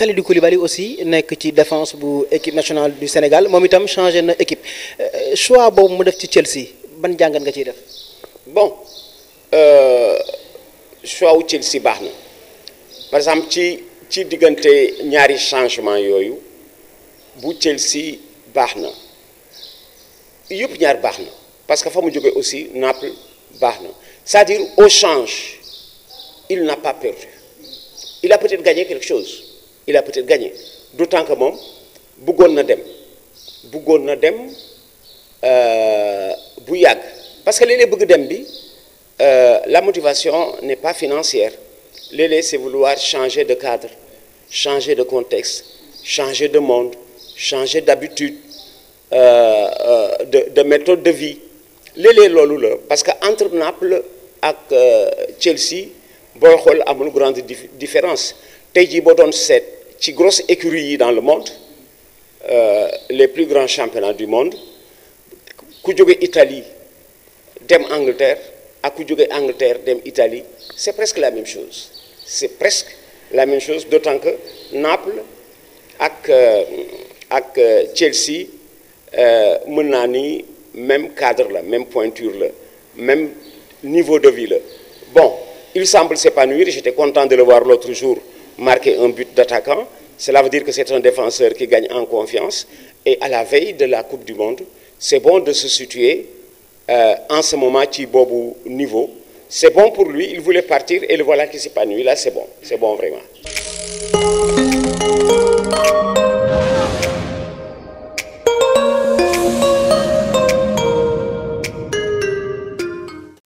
Kalidou Koulibaly aussi nekk ci défense bu équipe nationale du Sénégal moom itam changé na équipe euh, choix boobu mu def ci Chelsea ban jàngat nga ciy def. bon euh, choix wu Chelsea baax na par exemple ci ci diggante ñaari changement yooyu bu Chelsea baax na. yëpp ñaar baax na parce que fa mu jógee aussi Naples baax na cest dire au change il n'a pas perdu il a peut-être gagné quelque chose il a peut-être gagné d'autant que moom bëggoon na dem bëggoon na dem euh, bu yàgg parce que léeg-léeg bëgg dem bi euh, la motivation n'est pas financière léeg-léeg c'est vouloir changer de cadre changer de contexte changer de monde changer d'habitude Euh, euh, de de méthode de vie léeg loolu la parce que entre Naples ak euh, Chelsea booy xool amul grande différence tey jii boo doon seet ci grosses écuries yi dans le monde les plus grands championnats du monde ku jóge Italie dem Angleterre ak ku jóge Angleterre dem Italie c'est presque la même chose presque la même chose d'autant que Naples ak ak Chelsea Euh, mën naa ni même cadre la même pointure la même niveau de vie la bon il semble s'épanouir j'étais content de le voir l'autre jour marquer un but d'attaquant cela veut dire que c'est un défenseur qui gagne en confiance et à la veille de la coupe du monde c'est bon de se situer euh, en ce moment ci boobu niveau c'est bon pour lui il voulait partir et le voilà qui s'épanouit là c'est bon c'est bon vraiment